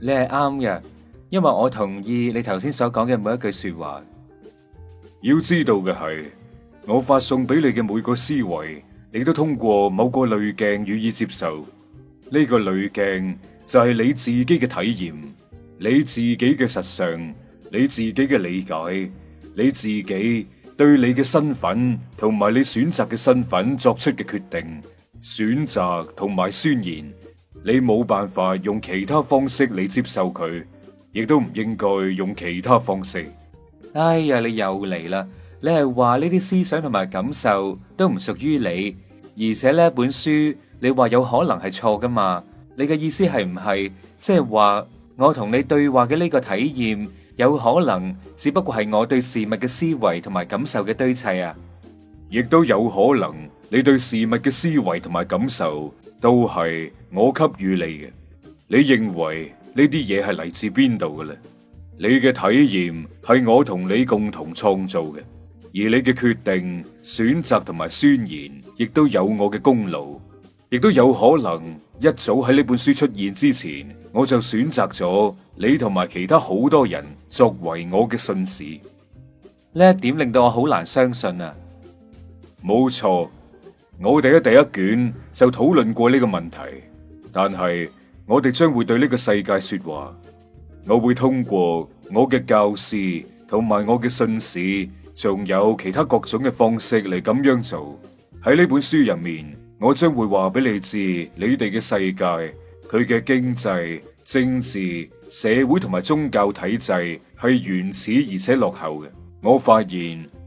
你係啱嘅，因為我同意你頭先所講嘅每一句說話。要知道嘅係，我發送俾你嘅每個思維，你都通過某個濾鏡予以接受。呢、這個濾鏡就係你自己嘅體驗，你自己嘅實相，你自己嘅理解，你自己對你嘅身份同埋你選擇嘅身份作出嘅決定、選擇同埋宣言。你冇辦法用其他方式嚟接受佢，亦都唔應該用其他方式。哎呀，你又嚟啦！你係話呢啲思想同埋感受都唔屬於你，而且呢本書，你話有可能係錯㗎嘛？你嘅意思係唔係即係話我同你對話嘅呢個體驗，有可能只不過係我對事物嘅思維同埋感受嘅堆砌啊？亦都有可能你對事物嘅思維同埋感受。都係我給予你嘅，你認為呢啲嘢係嚟自邊度嘅咧？你嘅體驗係我同你共同創造嘅，而你嘅決定、選擇同埋宣言，亦都有我嘅功勞，亦都有可能一早喺呢本書出現之前，我就選擇咗你同埋其他好多人作為我嘅信使。呢一點令到我好難相信啊！冇錯。我哋喺第一卷就討論過呢個問題，但係我哋將會對呢個世界說話。我會通過我嘅教師同埋我嘅信使，仲有其他各種嘅方式嚟咁樣做。喺呢本書入面，我將會話俾你知，你哋嘅世界、佢嘅經濟、政治、社會同埋宗教體制係原始而且落後嘅。我發現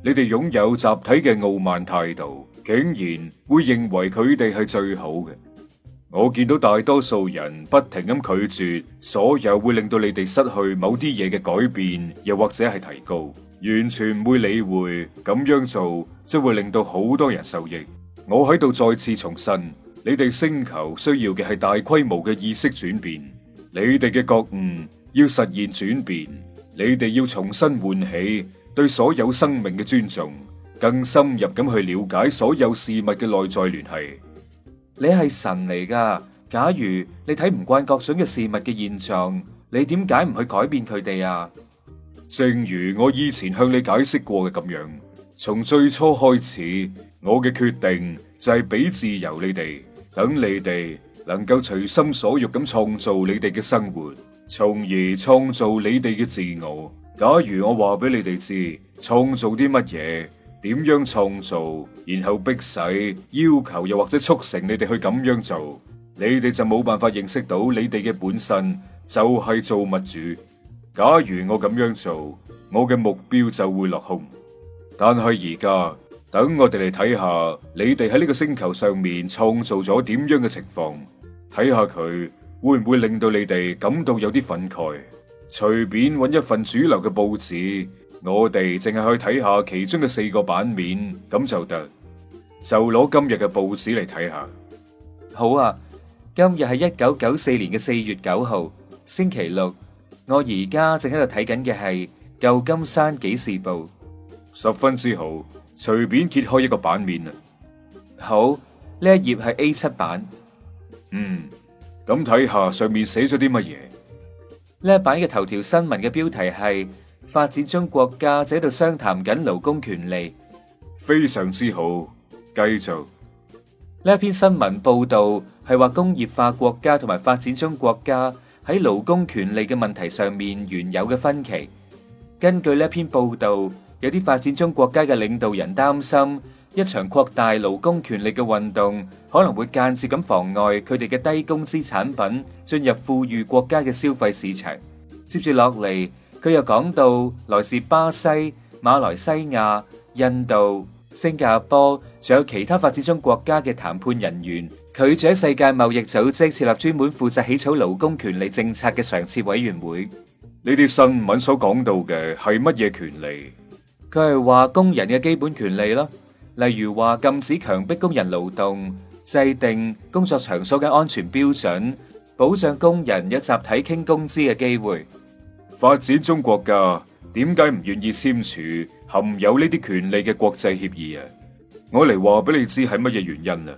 你哋擁有集體嘅傲慢態度。竟然會認為佢哋係最好嘅，我見到大多數人不停咁拒絕，所有會令到你哋失去某啲嘢嘅改變，又或者係提高，完全唔會理會。咁樣做就會令到好多人受益。我喺度再次重申，你哋星球需要嘅係大規模嘅意識轉變，你哋嘅覺悟要實現轉變，你哋要重新喚起對所有生命嘅尊重。更深入咁去了解所有事物嘅內在聯繫。你係神嚟噶。假如你睇唔慣各種嘅事物嘅現象，你點解唔去改變佢哋啊？正如我以前向你解釋過嘅咁樣，從最初開始，我嘅決定就係俾自由你哋，等你哋能夠隨心所欲咁創造你哋嘅生活，從而創造你哋嘅自我。假如我話俾你哋知，創造啲乜嘢、點樣創造，然後迫使、要求，又或者促成你哋去咁樣做，你哋就冇辦法認識到你哋嘅本身就係造物主。假如我咁樣做，我嘅目標就會落空。但係而家等我哋嚟睇下，你哋喺呢個星球上面創造咗點樣嘅情況，睇下佢會唔會令到你哋感到有啲憤慨。隨便搵一份主流嘅報紙。我哋淨係去睇下其中嘅四個版面，咁就得。就攞今日嘅報紙嚟睇下。好啊，今日係一九九四年嘅四月九號，星期六。我而家正喺度睇緊嘅係舊金山紀事報，十分之好。隨便揭開一個版面啊。好，呢一頁係 A 七版。嗯，咁睇下上面寫咗啲乜嘢？呢一版嘅頭條新聞嘅標題係。發展中國家喺度商談緊勞工權利，非常之好。繼續呢篇新聞報道係話工業化國家同埋發展中國家喺勞工權利嘅問題上面原有嘅分歧。根據呢篇報道，有啲發展中國家嘅領導人擔心，一場擴大勞工權利嘅運動可能會間接咁妨礙佢哋嘅低工資產品進入富裕國家嘅消費市場。接住落嚟。佢又講到，來自巴西、馬來西亞、印度、新加坡，仲有其他發展中國家嘅談判人員，拒絕喺世界貿易組織設立專門負責起草勞工權利政策嘅常設委員會。呢啲新聞所講到嘅係乜嘢權利？佢係話工人嘅基本權利囉，例如話禁止強迫工人勞動，制定工作場所嘅安全標準，保障工人有集體傾工資嘅機會。發展中國家點解唔願意簽署含有呢啲權利嘅國際協議啊？我嚟話俾你知係乜嘢原因啊？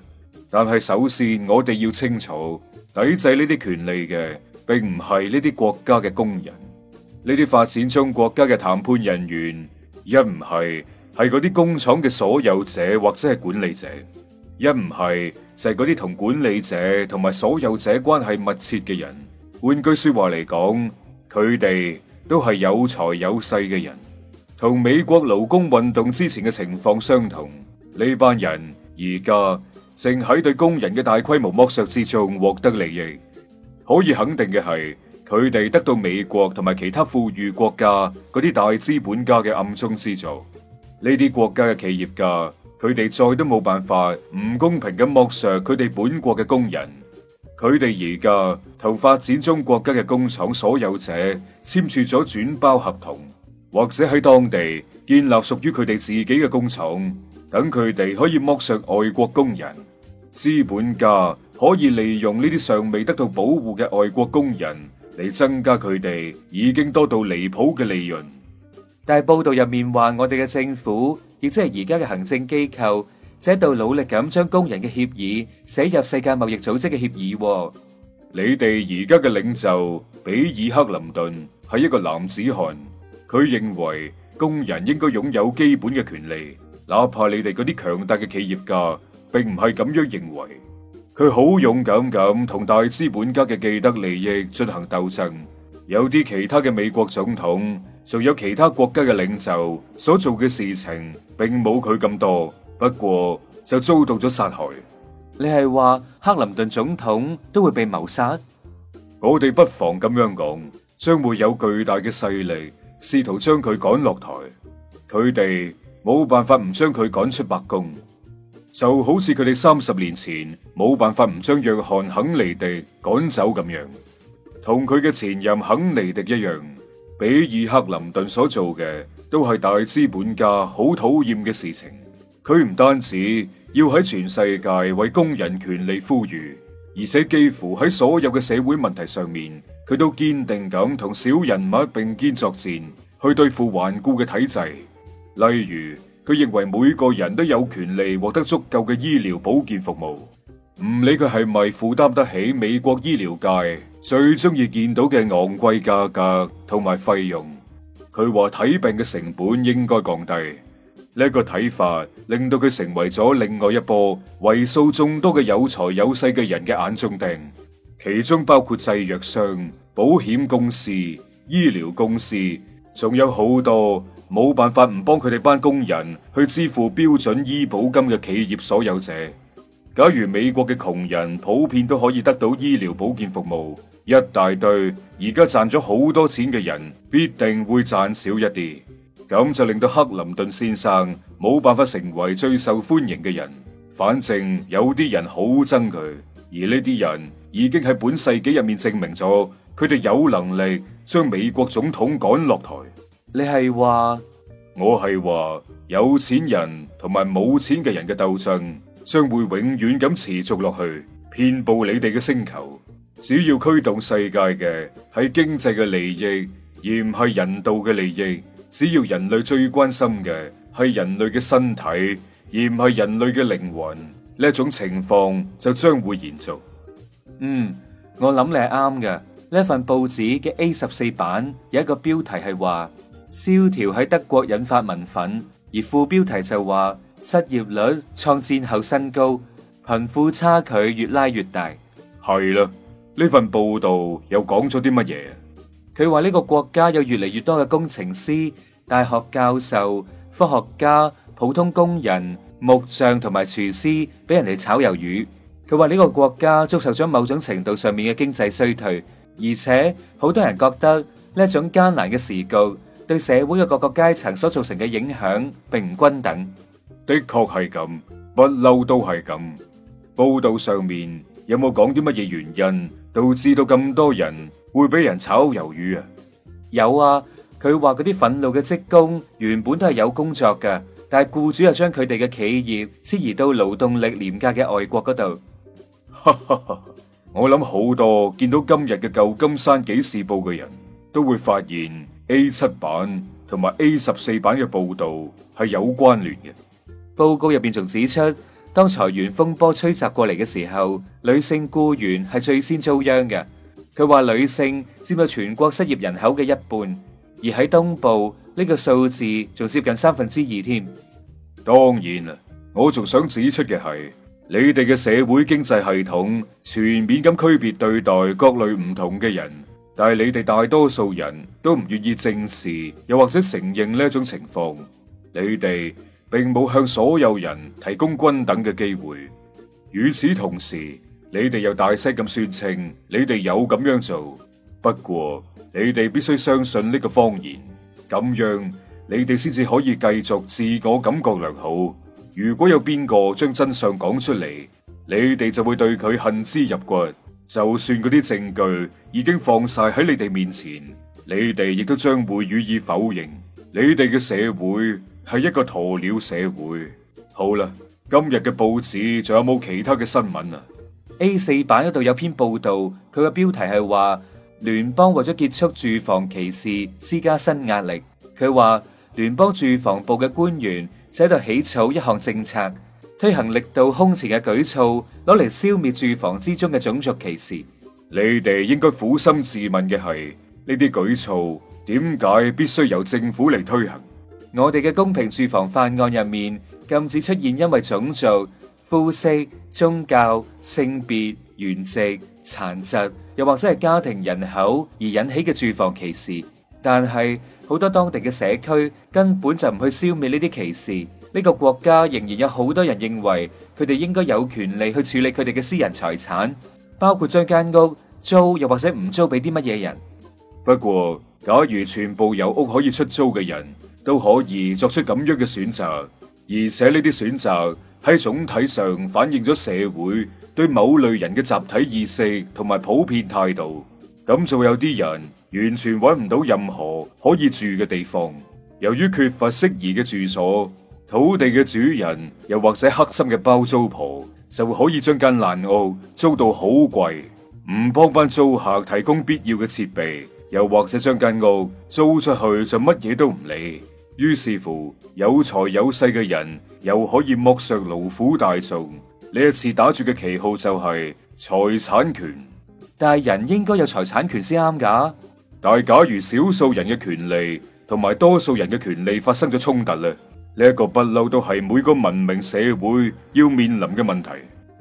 但係首先，我哋要清楚抵制呢啲權利嘅，並唔係呢啲國家嘅工人，呢啲發展中國家嘅談判人員，一唔係係嗰啲工廠嘅所有者或者係管理者，一唔係就係嗰啲同管理者同埋所有者關係密切嘅人。換句說話嚟講。佢哋都係有財有勢嘅人，同美國勞工運動之前嘅情況相同。呢班人而家正喺對工人嘅大規模剝削之中獲得利益。可以肯定嘅係，佢哋得到美國同埋其他富裕國家嗰啲大資本家嘅暗中資助。呢啲國家嘅企業家，佢哋再都冇辦法唔公平咁剝削佢哋本國嘅工人。佢哋而家同發展中國家嘅工廠所有者簽署咗轉包合同，或者喺當地建立屬於佢哋自己嘅工廠，等佢哋可以剝削外國工人。資本家可以利用呢啲尚未得到保護嘅外國工人嚟增加佢哋已經多到離譜嘅利潤。但係報道入面話，我哋嘅政府，亦即係而家嘅行政機構。喺度努力咁將工人嘅協議寫入世界貿易組織嘅協議。你哋而家嘅領袖比爾克林頓係一個男子漢，佢認為工人應該擁有基本嘅權利，哪怕你哋嗰啲強大嘅企業家並唔係咁樣認為。佢好勇敢咁同大資本家嘅既得利益進行鬥爭。有啲其他嘅美國總統，仲有其他國家嘅領袖所做嘅事情，並冇佢咁多。不過就遭到咗殺害。你係話克林頓總統都會被謀殺？我哋不妨咁樣講，將會有巨大嘅勢力試圖將佢趕落台。佢哋冇辦法唔將佢趕出白宮，就好似佢哋三十年前冇辦法唔將約翰肯尼迪趕走咁樣，同佢嘅前任肯尼迪一樣，比爾克林頓所做嘅都係大資本家好討厭嘅事情。佢唔單止要喺全世界為工人權利呼籲，而且幾乎喺所有嘅社會問題上面，佢都堅定咁同小人物並肩作戰，去對付頑固嘅體制。例如，佢認為每個人都有權利獲得足夠嘅醫療保健服務，唔理佢係咪負擔得起美國醫療界最中意見到嘅昂貴價格同埋費用。佢話睇病嘅成本應該降低。呢個睇法，令到佢成為咗另外一波為數眾多嘅有財有勢嘅人嘅眼中釘，其中包括製藥商、保險公司、醫療公司，仲有好多冇辦法唔幫佢哋班工人去支付標準醫保金嘅企業所有者。假如美國嘅窮人普遍都可以得到醫療保健服務，一大堆而家賺咗好多錢嘅人必定會賺少一啲。咁就令到克林頓先生冇辦法成為最受歡迎嘅人。反正有啲人好憎佢，而呢啲人已經喺本世紀入面證明咗，佢哋有能力將美國總統趕落台。你係話？我係話，有錢人同埋冇錢嘅人嘅鬥爭將會永遠咁持續落去，遍佈你哋嘅星球。只要驅動世界嘅係經濟嘅利益，而唔係人道嘅利益。只要人類最關心嘅係人類嘅身體，而唔係人類嘅靈魂，呢一種情況就將會延續。嗯，我諗你係啱嘅。呢份報紙嘅 A 十四版有一個標題係話蕭條喺德國引發民憤，而副標題就話失業率創戰後新高，貧富差距越拉越大。係啦，呢份報道又講咗啲乜嘢？佢話呢個國家有越嚟越多嘅工程師、大學教授、科學家、普通工人、木匠同埋廚師俾人哋炒魷魚。佢話呢個國家遭受咗某種程度上面嘅經濟衰退，而且好多人覺得呢一種艱難嘅時局對社會嘅各個階層所造成嘅影響並唔均等。的確係咁，不嬲都係咁。報道上面有冇講啲乜嘢原因導致到咁多人？會俾人炒魷魚啊！有啊，佢話嗰啲憤怒嘅職工原本都係有工作嘅，但係僱主又將佢哋嘅企業遷移到勞動力廉價嘅外國嗰度。我諗好多見到今日嘅舊金山紀事報嘅人都會發現 A 七版同埋 A 十四版嘅報道係有關聯嘅。報告入邊仲指出，當裁員風波吹襲過嚟嘅時候，女性僱員係最先遭殃嘅。佢話女性佔咗全國失業人口嘅一半，而喺東部，呢個數字仲接近三分之二添。當然啦，我仲想指出嘅係你哋嘅社會經濟系統全面咁區別對待各類唔同嘅人，但係你哋大多數人都唔願意正視又或者承認呢一種情況。你哋並冇向所有人提供均等嘅機會。與此同時，你哋又大聲咁聲稱，你哋有咁樣做。不過，你哋必須相信呢個謊言，咁樣你哋先至可以繼續自我感覺良好。如果有邊個將真相講出嚟，你哋就會對佢恨之入骨。就算嗰啲證據已經放晒喺你哋面前，你哋亦都將會予以否認。你哋嘅社會係一個鴕鳥社會。好啦，今日嘅報紙仲有冇其他嘅新聞啊？A 四版嗰度有篇報道，佢個標題係話聯邦為咗結束住房歧視，施加新壓力。佢話聯邦住房部嘅官員就喺度起草一項政策，推行力度空前嘅舉措，攞嚟消滅住房之中嘅種族歧視。你哋應該苦心自問嘅係呢啲舉措點解必須由政府嚟推行？我哋嘅公平住房法案入面禁止出現因為種族。膚色、宗教、性別、原籍、殘疾，又或者係家庭人口而引起嘅住房歧視，但係好多當地嘅社區根本就唔去消滅呢啲歧視，呢、呢個國家仍然有好多人認為佢哋應該有權利去處理佢哋嘅私人財產，包括將間屋租又或者唔租俾啲乜嘢人。不過，假如全部有屋可以出租嘅人都可以作出咁樣嘅選擇，而且呢啲選擇。喺總體上反映咗社會對某類人嘅集體意識同埋普遍態度。咁就有啲人完全搵唔到任何可以住嘅地方。由於缺乏適宜嘅住所，土地嘅主人又或者黑心嘅包租婆，就可以將間爛屋租到好貴，唔幫班租客提供必要嘅設備，又或者將間屋租出去就乜嘢都唔理。於是乎，有財有勢嘅人。又可以剝削勞苦大眾，呢一次打住嘅旗號就係財產權，但係人應該有財產權先啱㗎。但係假如少數人嘅權利同埋多數人嘅權利發生咗衝突咧，呢、這個、一個不嬲都係每個文明社會要面臨嘅問題。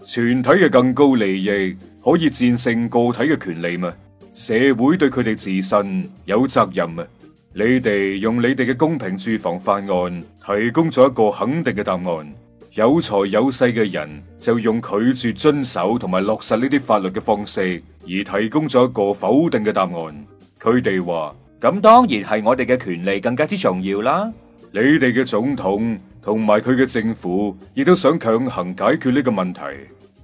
全體嘅更高利益可以戰勝個體嘅權利咩？社會對佢哋自身有責任咩？你哋用你哋嘅公平住房法案提供咗一個肯定嘅答案，有財有勢嘅人就用拒絕遵守同埋落實呢啲法律嘅方式，而提供咗一個否定嘅答案。佢哋話：咁當然係我哋嘅權利更加之重要啦。你哋嘅總統同埋佢嘅政府亦都想強行解決呢個問題，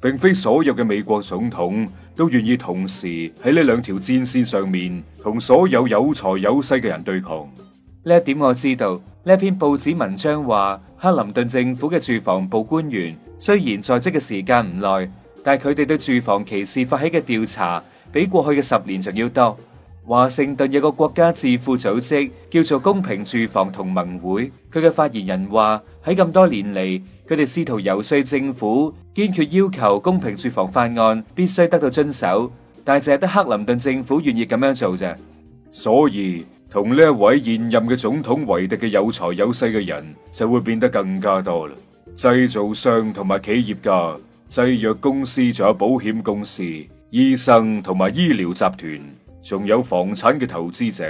並非所有嘅美國總統。都願意同時喺呢兩條戰線上面同所有有財有勢嘅人對抗。呢一點我知道。呢篇報紙文章話，克林頓政府嘅住房部官員雖然在職嘅時間唔耐，但係佢哋對住房歧視發起嘅調查，比過去嘅十年仲要多。華盛頓有個國家智庫組織叫做公平住房同盟會。佢嘅發言人話：喺咁多年嚟，佢哋試圖遊說政府堅決要求公平住房法案必須得到遵守，但係只係得克林頓政府願意咁樣做啫。所以，同呢一位現任嘅總統為敵嘅有財有勢嘅人就會變得更加多啦。製造商同埋企業家、製藥公司仲有保險公司、醫生同埋醫療集團。仲有房產嘅投資者，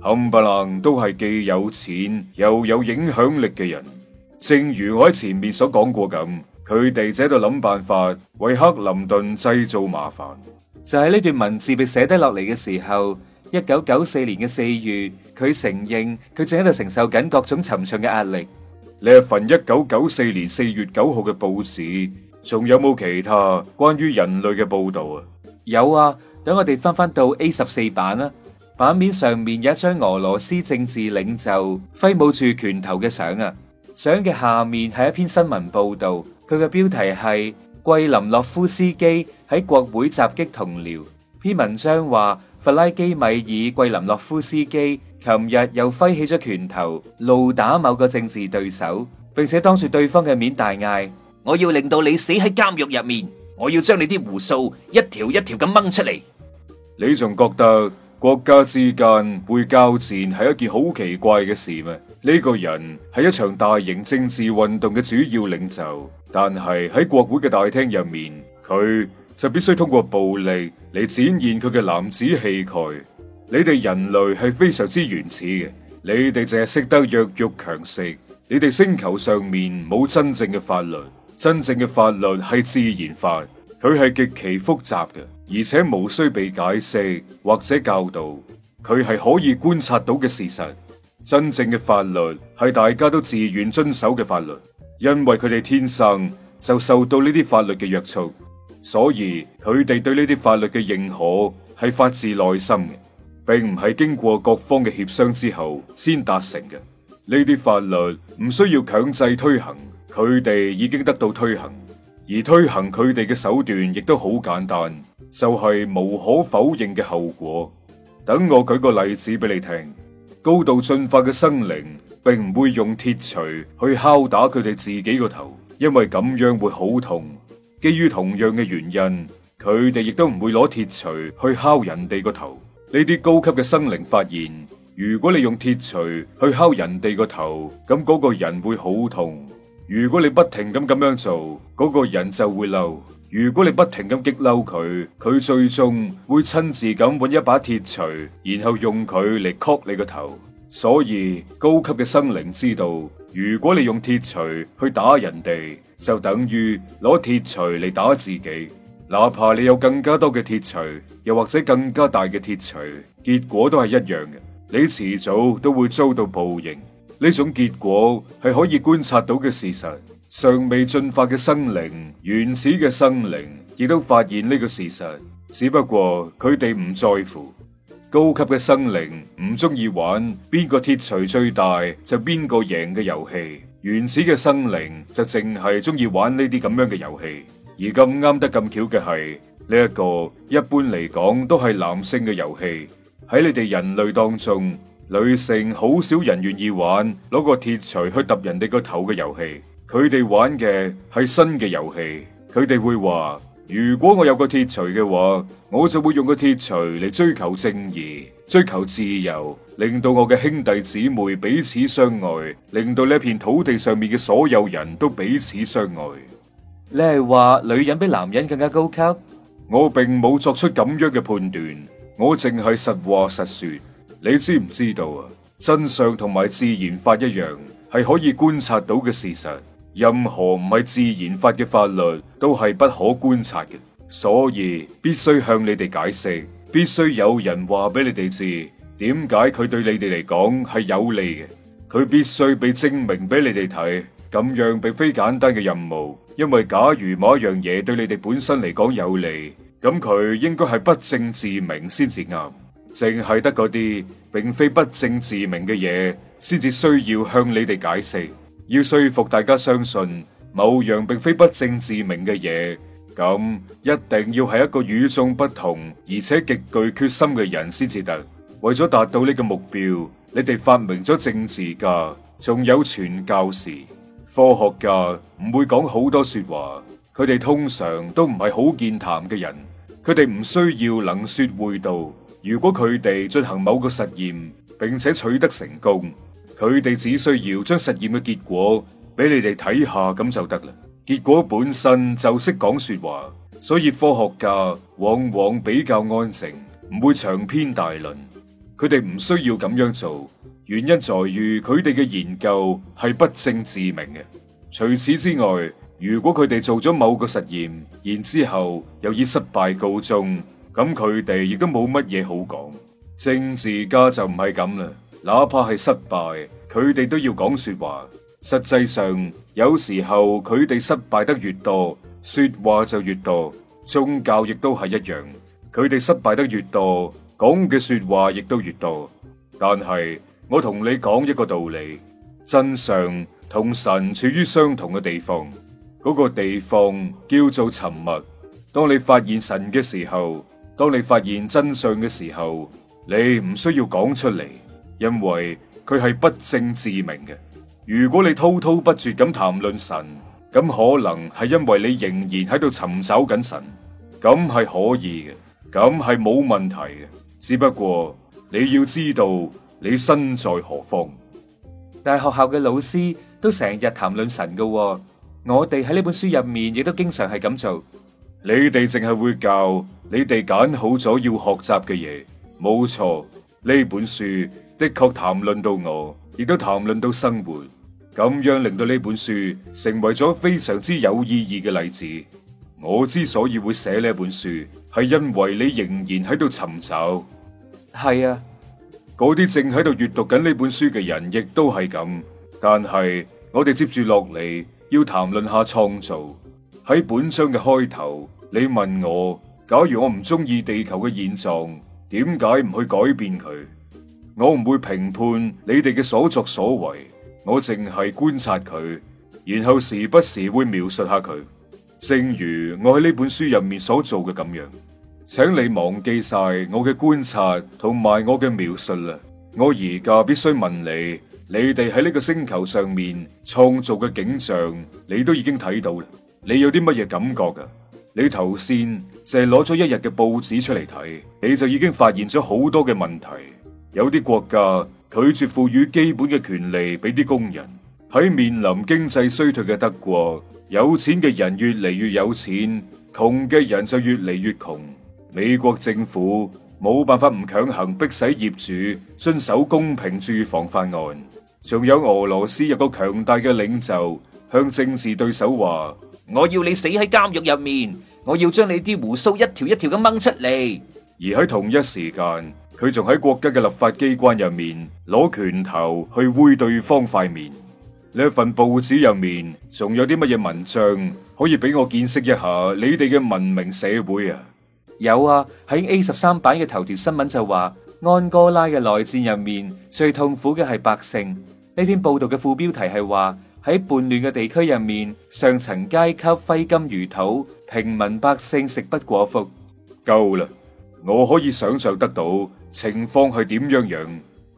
冚唪唥都係既有錢又有影響力嘅人。正如我喺前面所講過咁，佢哋就喺度諗辦法為克林頓製造麻煩。就喺呢段文字被寫低落嚟嘅時候，一九九四年嘅四月，佢承認佢正喺度承受緊各種沉重嘅壓力。呢一份一九九四年四月九號嘅報紙，仲有冇其他關於人類嘅報道啊？有啊。等我哋翻翻到 A 十四版啦，版面上面有一張俄羅斯政治領袖揮舞住拳頭嘅相啊，相嘅下面係一篇新聞報道，佢嘅標題係：桂林洛夫斯基喺國會襲擊同僚。篇文章話弗拉基米爾·桂林洛夫斯基琴日又揮起咗拳頭怒打某個政治對手，並且當住對方嘅面大嗌：我要令到你死喺監獄入面，我要將你啲鬍鬚一條一條咁掹出嚟。你仲覺得國家之間會交戰係一件好奇怪嘅事咩？呢個人係一場大型政治運動嘅主要領袖，但係喺國會嘅大廳入面，佢就必須通過暴力嚟展現佢嘅男子氣概。你哋人類係非常之原始嘅，你哋淨係識得弱肉強食。你哋星球上面冇真正嘅法律，真正嘅法律係自然法，佢係極其複雜嘅。而且無需被解釋或者教導，佢係可以觀察到嘅事實。真正嘅法律係大家都自願遵守嘅法律，因為佢哋天生就受到呢啲法律嘅約束，所以佢哋對呢啲法律嘅認可係發自內心嘅，並唔係經過各方嘅協商之後先達成嘅。呢啲法律唔需要強制推行，佢哋已經得到推行，而推行佢哋嘅手段亦都好簡單。就係無可否認嘅後果。等我舉個例子俾你聽，高度進化嘅生靈並唔會用鐵錘去敲打佢哋自己個頭，因為咁樣會好痛。基於同樣嘅原因，佢哋亦都唔會攞鐵錘去敲人哋個頭。呢啲高級嘅生靈發現，如果你用鐵錘去敲人哋個頭，咁嗰個人會好痛。如果你不停咁咁樣做，嗰個人就會嬲。如果你不停咁激嬲佢，佢最終會親自咁搵一把鐵錘，然後用佢嚟，曲你個頭。所以高級嘅生靈知道，如果你用鐵錘去打人哋，就等於攞鐵錘嚟打自己。哪怕你有更加多嘅鐵錘，又或者更加大嘅鐵錘，結果都係一樣嘅。你遲早都會遭到報應。呢種結果係可以觀察到嘅事實。尚未進化嘅生靈，原始嘅生靈亦都發現呢個事實，只不過佢哋唔在乎。高級嘅生靈唔中意玩邊個鐵錘最大就邊個贏嘅遊戲，原始嘅生靈就淨係中意玩呢啲咁樣嘅遊戲。而咁啱得咁巧嘅係，呢、這、一個一般嚟講都係男性嘅遊戲，喺你哋人類當中，女性好少人願意玩攞個鐵錘去揼人哋個頭嘅遊戲。佢哋玩嘅係新嘅遊戲，佢哋會話：如果我有個鐵錘嘅話，我就會用個鐵錘嚟追求正義、追求自由，令到我嘅兄弟姊妹彼此相愛，令到呢片土地上面嘅所有人都彼此相愛。你係話女人比男人更加高級？我並冇作出咁樣嘅判斷，我淨係實話實說。你知唔知道啊？真相同埋自然法一樣，係可以觀察到嘅事實。任何唔係自然法嘅法律都係不可觀察嘅，所以必須向你哋解釋，必須有人話俾你哋知點解佢對你哋嚟講係有利嘅。佢必須被證明俾你哋睇，咁樣並非簡單嘅任務。因為假如某一樣嘢對你哋本身嚟講有利，咁佢應該係不證自明先至啱。淨係得嗰啲並非不證自明嘅嘢，先至需要向你哋解釋。要說服大家相信某樣並非不證自明嘅嘢，咁一定要係一個與眾不同而且極具決心嘅人先至得。為咗達到呢個目標，你哋發明咗政治家，仲有傳教士、科學家，唔會講好多說話，佢哋通常都唔係好健談嘅人，佢哋唔需要能說會道。如果佢哋進行某個實驗，並且取得成功。佢哋只需要將實驗嘅結果俾你哋睇下咁就得啦。結果本身就識講說話，所以科學家往往比較安靜，唔會長篇大論。佢哋唔需要咁樣做，原因在於佢哋嘅研究係不證自明嘅。除此之外，如果佢哋做咗某個實驗，然之後又以失敗告終，咁佢哋亦都冇乜嘢好講。政治家就唔係咁啦。哪怕係失敗，佢哋都要講說話。實際上，有時候佢哋失敗得越多，說話就越多。宗教亦都係一樣，佢哋失敗得越多，講嘅說話亦都越多。但係我同你講一個道理：真相同神處於相同嘅地方，嗰個地方叫做沉默。當你發現神嘅時候，當你發現真相嘅時候，你唔需要講出嚟。因為佢係不證自明嘅。如果你滔滔不絕咁談論神，咁可能係因為你仍然喺度尋找緊神，咁係可以嘅，咁係冇問題嘅。只不過你要知道你身在何方。但係學校嘅老師都成日談論神嘅哦，我哋喺呢本書入面亦都經常係咁做。你哋淨係會教你哋揀好咗要學習嘅嘢，冇錯呢本書。的確談論到我，亦都談論到生活，咁樣令到呢本書成為咗非常之有意義嘅例子。我之所以會寫呢本書，係因為你仍然喺度尋找。係啊，嗰啲正喺度閱讀緊呢本書嘅人，亦都係咁。但係我哋接住落嚟要談論下創造。喺本章嘅開頭，你問我，假如我唔中意地球嘅現狀，點解唔去改變佢？我唔會評判你哋嘅所作所為，我淨係觀察佢，然後時不時會描述下佢，正如我喺呢本書入面所做嘅咁樣。請你忘記晒我嘅觀察同埋我嘅描述啦。我而家必須問你，你哋喺呢個星球上面創造嘅景象，你都已經睇到啦。你有啲乜嘢感覺噶？你頭先淨係攞咗一日嘅報紙出嚟睇，你就已經發現咗好多嘅問題。有啲國家拒絕賦予基本嘅權利俾啲工人。喺面臨經濟衰退嘅德國，有錢嘅人越嚟越有錢，窮嘅人就越嚟越窮。美國政府冇辦法唔強行逼使業主遵守公平住房法案。仲有俄羅斯有個強大嘅領袖向政治對手話：我要你死喺監獄入面，我要將你啲鬍鬚一條一條咁掹出嚟。而喺同一時間，佢仲喺國家嘅立法機關入面攞拳頭去揮對方塊面。呢份報紙入面仲有啲乜嘢文章可以俾我見識一下？你哋嘅文明社會啊，有啊。喺 A 十三版嘅頭條新聞就話安哥拉嘅內戰入面最痛苦嘅係百姓。呢篇報道嘅副標題係話喺叛亂嘅地區入面，上層階級揮金如土，平民百姓食不果腹。夠啦。我可以想象得到情況係點樣樣。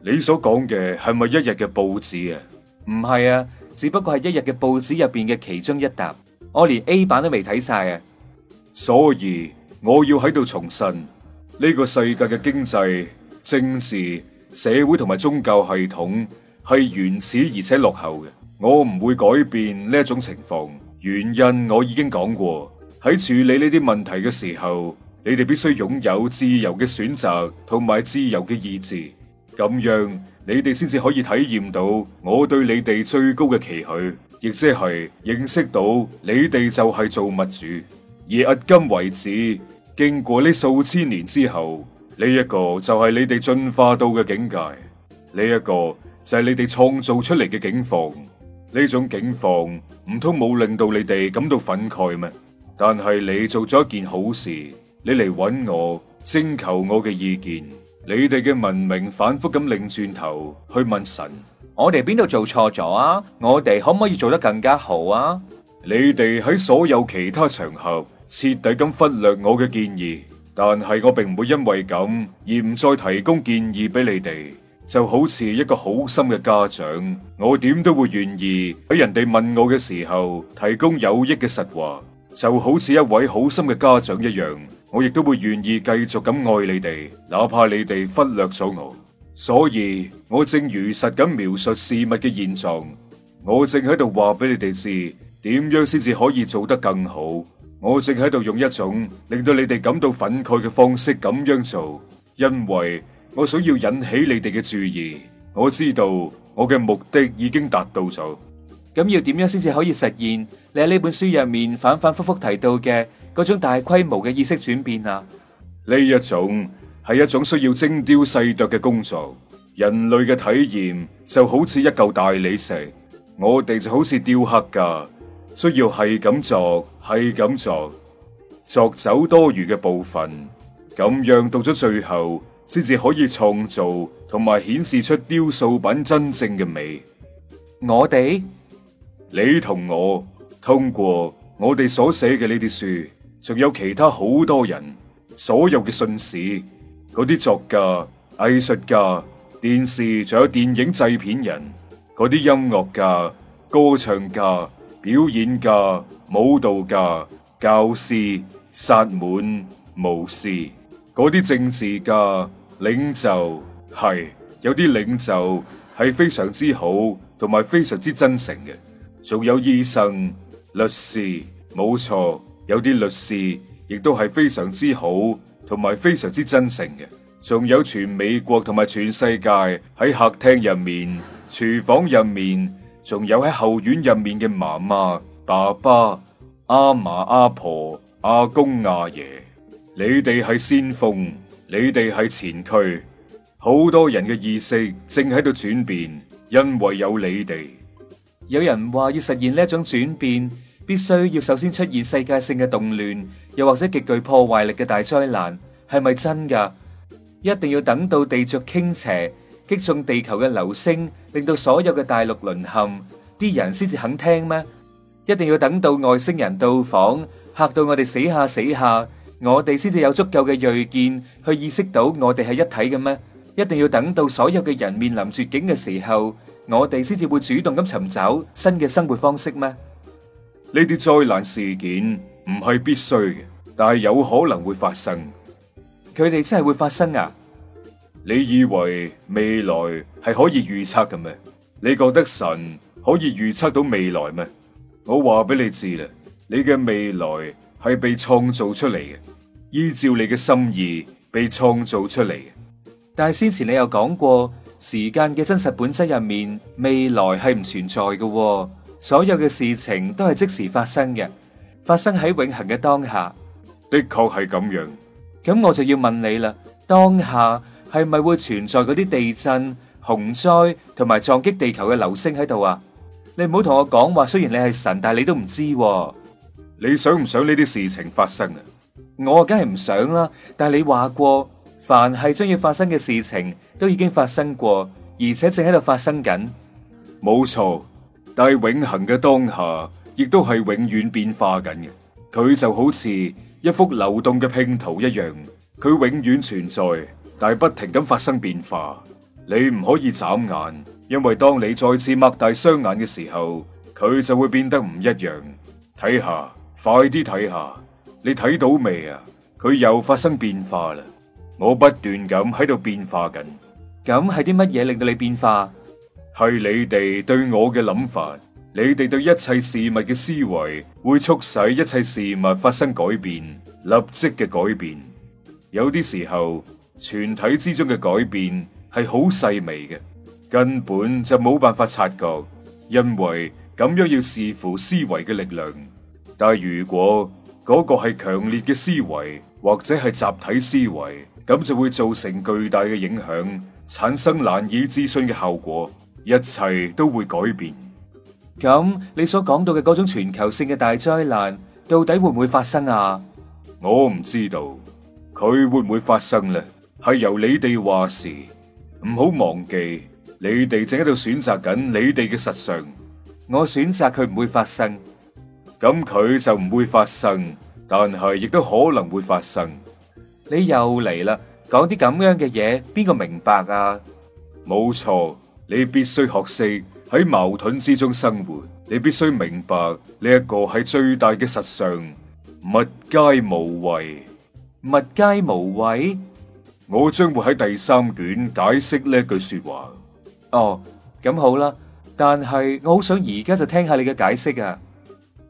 你所講嘅係咪一日嘅報紙啊？唔係啊，只不過係一日嘅報紙入邊嘅其中一沓。我連 A 版都未睇晒啊！所以我要喺度重申，呢個世界嘅經濟、政治、社會同埋宗教系統係原始而且落後嘅。我唔會改變呢一種情況。原因我已經講過，喺處理呢啲問題嘅時候，你哋必須擁有自由嘅選擇同埋自由嘅意志，咁樣你哋先至可以體驗到我對你哋最高嘅期許，亦即係認識到你哋就係做物主，而迄今為止經過呢數千年之後，呢一個就係你哋進化到嘅境界，呢一個就係你哋創造出嚟嘅境況。呢種境況唔通冇令到你哋感到憤慨咩？但係你做咗一件好事。你嚟揾我徵求我嘅意見，你哋嘅文明反覆咁擰轉頭去問神，我哋邊度做錯咗啊？我哋可唔可以做得更加好啊？你哋喺所有其他場合徹底咁忽略我嘅建議，但係我並唔會因為咁而唔再提供建議俾你哋，就好似一個好心嘅家長，我點都會願意喺人哋問我嘅時候提供有益嘅實話。就好似一位好心嘅家長一樣，我亦都會願意繼續咁愛你哋，哪怕你哋忽略咗我。所以，我正如實咁描述事物嘅現狀，我正喺度話俾你哋知點樣先至可以做得更好。我正喺度用一種令到你哋感到憤慨嘅方式咁樣做，因為我想要引起你哋嘅注意。我知道我嘅目的已經達到咗。咁要點樣先至可以實現？你喺呢本書入面反反復復提到嘅嗰種大規模嘅意識轉變啊？呢一種係一種需要精雕細琢嘅工作。人類嘅體驗就好似一嚿大理石，我哋就好似雕刻家，需要係咁鑿，係咁鑿，鑿，鑿走多餘嘅部分，咁樣到咗最後先至可以創造同埋顯示出雕塑品真正嘅美。我哋。你同我通過我哋所寫嘅呢啲書，仲有其他好多人所有嘅信使，嗰啲作家、藝術家、電視，仲有電影製片人，嗰啲音樂家、歌唱家、表演家、舞蹈家、教師、薩滿巫師，嗰啲政治家領袖，係，有啲領袖係非常之好，同埋非常之真誠嘅。仲有醫生、律師，冇錯，有啲律師亦都係非常之好，同埋非常之真誠嘅。仲有全美國同埋全世界喺客廳入面、廚房入面，仲有喺後院入面嘅媽媽、爸爸、阿嫲、阿婆、阿公、阿爺。你哋係先鋒，你哋係前驅。好多人嘅意識正喺度轉變，因為有你哋。有人話要實現呢種轉變，必須要首先出現世界性嘅動亂，又或者極具破壞力嘅大災難，係咪真噶？一定要等到地軸傾斜，擊中地球嘅流星，令到所有嘅大陸淪陷，啲人先至肯聽咩？一定要等到外星人到訪，嚇到我哋死下死下，我哋先至有足夠嘅銳見去意識到我哋係一體嘅咩？一定要等到所有嘅人面臨絕境嘅時候？我哋先至會主動咁尋找新嘅生活方式咩？呢啲災難事件唔係必須嘅，但係有可能會發生。佢哋真係會發生啊？你以為未來係可以預測嘅咩？你覺得神可以預測到未來咩？我話俾你知啦，你嘅未來係被創造出嚟嘅，依照你嘅心意被創造出嚟嘅。但係先前你又講過。時間嘅真實本質入面，未來係唔存在嘅喎。所有嘅事情都係即時發生嘅，發生喺永恆嘅當下。的確係咁樣，咁我就要問你啦，當下係咪會存在嗰啲地震、洪災同埋撞擊地球嘅流星喺度啊？你唔好同我講話，雖然你係神，但係你都唔知喎。你想唔想呢啲事情發生啊？我梗係唔想啦，但係你話過。凡係將要發生嘅事情，都已經發生過，而且正喺度發生緊。冇錯，但係永恆嘅當下，亦都係永遠變化緊嘅。佢就好似一幅流動嘅拼圖一樣，佢永遠存在，但係不停咁發生變化。你唔可以眨眼，因為當你再次擘大雙眼嘅時候，佢就會變得唔一樣。睇下，快啲睇下，你睇到未啊？佢又發生變化啦。我不斷咁喺度變化緊，咁係啲乜嘢令到你變化？係你哋對我嘅諗法，你哋對一切事物嘅思維會促使一切事物發生改變，立即嘅改變。有啲時候，全體之中嘅改變係好細微嘅，根本就冇辦法察覺，因為咁樣要視乎思維嘅力量。但如果嗰個係強烈嘅思維，或者係集體思維。咁就會造成巨大嘅影響，產生難以諮詢嘅效果，一切都會改變。咁你所講到嘅嗰種全球性嘅大災難，到底會唔會發生啊？我唔知道,你又嚟啦，講啲咁樣嘅嘢，邊個明白啊？冇錯，你必須學識喺矛盾之中生活。你必須明白呢一個係最大嘅實相，物皆無畏，物皆無畏。我將會喺第三卷解釋呢句說話。哦，咁好啦，但係我好想而家就聽下你嘅解釋啊。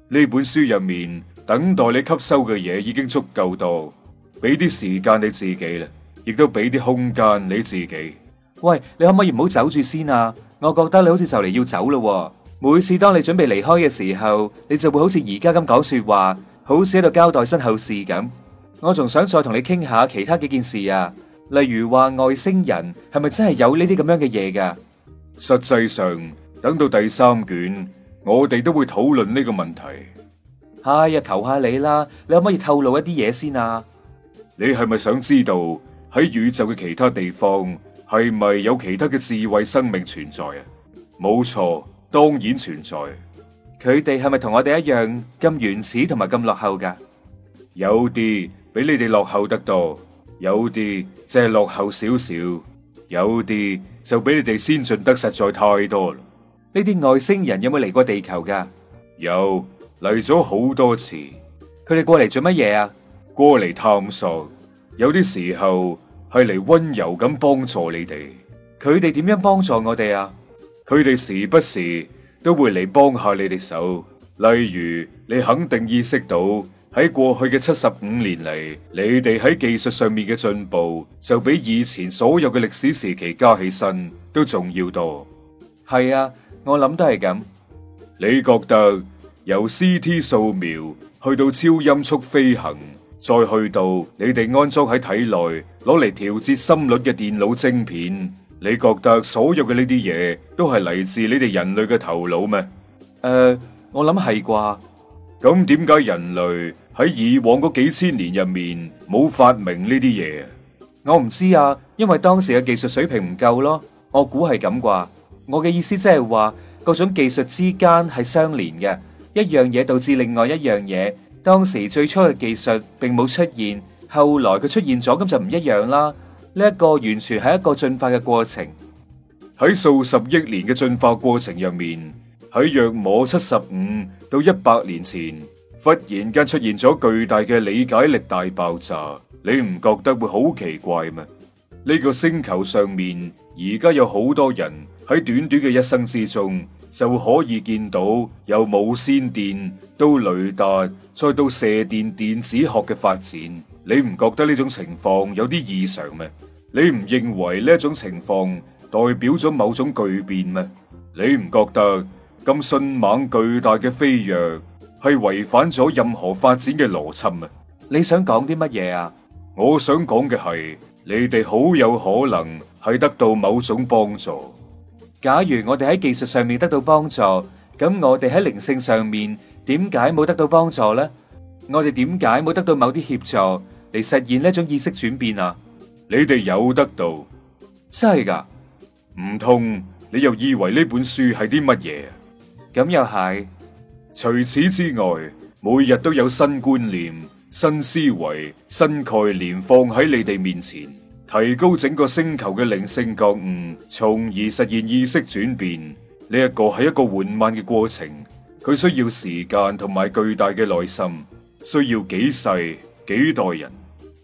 呢本書入面等待你吸收嘅嘢已經足夠多。俾啲時間你自己啦，亦都俾啲空間你自己。喂，你可唔可以唔好走住先啊？我覺得你好似就嚟要走咯喎。每次當你準備離開嘅時候，你就會好似而家咁講說話，好似喺度交代身後事咁。我仲想再同你傾下其他幾件事啊，例如話外星人係咪真係有呢啲咁樣嘅嘢噶？實際上，等到第三卷，我哋都會討論呢個問題。哎呀，求下你啦，你可唔可以透露一啲嘢先啊？你係咪想知道喺宇宙嘅其他地方係咪有其他嘅智慧生命存在啊？冇錯，當然存在。佢哋係咪同我哋一樣咁原始同埋咁落後噶？有啲比你哋落後得多，有啲即係落後少少，有啲就比你哋先進得實在太多啦。呢啲外星人有冇嚟過地球噶？有，嚟咗好多次。佢哋過嚟做乜嘢啊？過嚟探索，有啲時候係嚟溫柔咁幫助你哋。佢哋點樣幫助我哋啊？佢哋時不時都會嚟幫下你哋手。例如，你肯定意識到喺過去嘅七十五年嚟，你哋喺技術上面嘅進步就比以前所有嘅歷史時期加起身都重要多。係啊，我諗都係咁。你覺得由 CT 掃描去到超音速飛行？再去到你哋安裝喺體內攞嚟調節心率嘅電腦晶片，你覺得所有嘅呢啲嘢都係嚟自你哋人類嘅頭腦咩？誒，我諗係啩。咁點解人類喺以往嗰幾千年入面冇發明呢啲嘢？我唔知啊，因為當時嘅技術水平唔夠咯。我估係咁啩。我嘅意思即係話，各種技術之間係相連嘅，一樣嘢導致另外一樣嘢。當時最初嘅技術並冇出現，後來佢出現咗，咁就唔一樣啦。呢一個完全係一個進化嘅過程。喺數十億年嘅進化過程入面，喺約摸七十五到一百年前，忽然間出現咗巨大嘅理解力大爆炸。你唔覺得會好奇怪咩？呢個星球上面而家有好多人喺短短嘅一生之中，就可以見到由無線電到雷達，再到射電電子學嘅發展，你唔覺得呢種情況有啲異常咩？你唔認為呢種情況代表咗某種巨變咩？你唔覺得咁迅猛巨大嘅飛躍係違反咗任何發展嘅邏輯咩？你想講啲乜嘢啊？我想講嘅係，你哋好有可能係得到某種幫助。假如我哋喺技術上面得到幫助，咁我哋喺靈性上面點解冇得到幫助呢？我哋點解冇得到某啲協助嚟實現呢種意識轉變啊？你哋有得到，真係噶？唔通你又以為呢本書係啲乜嘢？咁又係。除此之外，每日都有新觀念、新思維、新概念放喺你哋面前。提高整個星球嘅靈性覺悟，從而實現意識轉變呢一個係一個緩慢嘅過程，佢需要時間同埋巨大嘅耐心，需要幾世幾代人。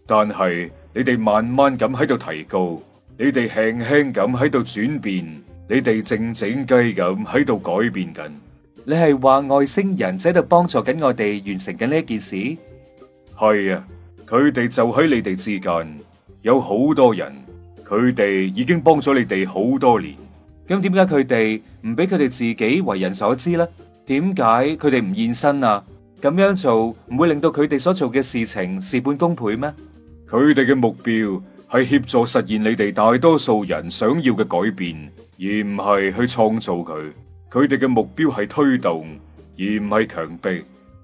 但係你哋慢慢咁喺度提高，你哋輕輕咁喺度轉變，你哋靜靜雞咁喺度改變緊。你係話外星人喺度幫助緊我哋完成緊呢件事？係啊，佢哋就喺你哋之間。有好多人，佢哋已經幫咗你哋好多年。咁點解佢哋唔俾佢哋自己為人所知呢？點解佢哋唔現身啊？咁樣做唔會令到佢哋所做嘅事情事半功倍咩？佢哋嘅目標係協助實現你哋大多數人想要嘅改變，而唔係去創造佢。佢哋嘅目標係推動，而唔係強迫。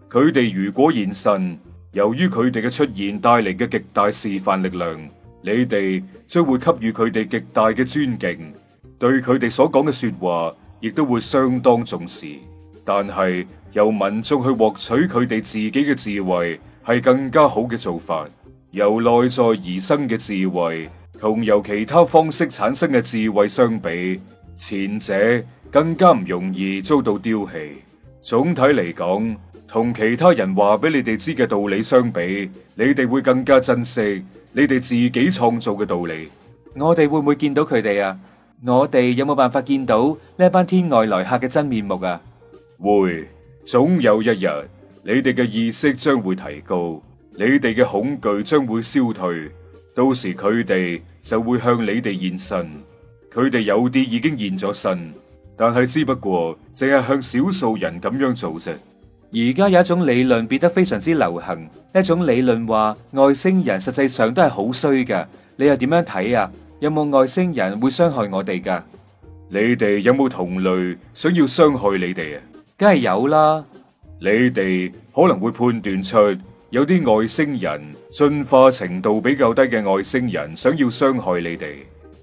佢哋如果現身，由於佢哋嘅出現帶嚟嘅極大示範力量。你哋將會給予佢哋極大嘅尊敬，對佢哋所講嘅說話亦都會相當重視。但係由民眾去獲取佢哋自己嘅智慧係更加好嘅做法。由內在而生嘅智慧，同由其他方式產生嘅智慧相比，前者更加唔容易遭到丟棄。總體嚟講，同其他人話俾你哋知嘅道理相比，你哋會更加珍惜。你哋自己創造嘅道理，我哋會唔會見到佢哋啊？我哋有冇辦法見到呢班天外來客嘅真面目啊？會，總有一日，你哋嘅意識將會提高，你哋嘅恐懼將會消退，到時佢哋就會向你哋現身。佢哋有啲已經現咗身，但係只不過淨係向少數人咁樣做啫。而家有一種理論變得非常之流行，一種理論話外星人實際上都係好衰㗎，你又點樣睇啊？有冇外星人會傷害我哋噶？你哋有冇同類想要傷害你哋啊？梗係有啦。你哋可能會判斷出有啲外星人進化程度比較低嘅外星人想要傷害你哋，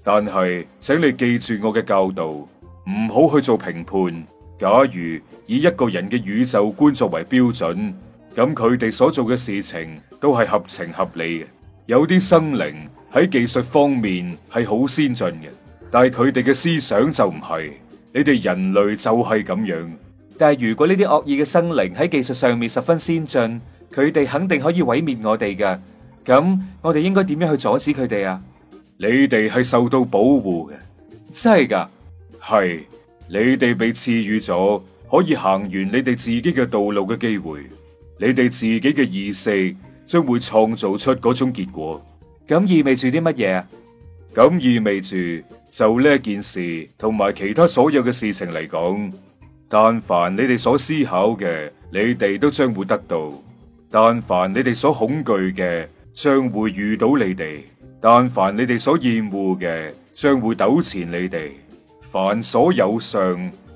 但係請你記住我嘅教導，唔好去做評判。假如以一個人嘅宇宙觀作為標準，咁佢哋所做嘅事情都係合情合理嘅。有啲生靈喺技術方面係好先進嘅，但係佢哋嘅思想就唔係。你哋人類就係咁樣。但係如果呢啲惡意嘅生靈喺技術上面十分先進，佢哋肯定可以毀滅我哋嘅。咁我哋應該點樣去阻止佢哋啊？你哋係受到保護嘅，真係噶，係。你哋被賜予咗可以行完你哋自己嘅道路嘅機會，你哋自己嘅意識將會創造出嗰種結果。咁意味住啲乜嘢啊？咁意味住就呢一件事同埋其他所有嘅事情嚟講，但凡你哋所思考嘅，你哋都將會得到；但凡你哋所恐懼嘅，將會遇到你哋；但凡你哋所厭惡嘅，將會糾纏你哋。凡所有相，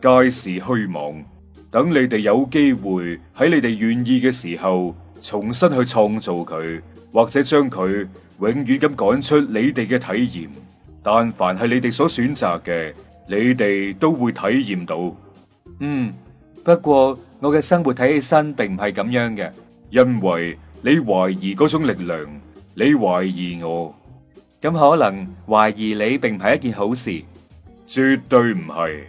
皆是虛妄。等你哋有機會喺你哋願意嘅時候，重新去創造佢，或者將佢永遠咁趕出你哋嘅體驗。但凡係你哋所選擇嘅，你哋都會體驗到。嗯，不過我嘅生活睇起身並唔係咁樣嘅，因為你懷疑嗰種力量，你懷疑我，咁可能懷疑你並唔係一件好事。絕對唔係。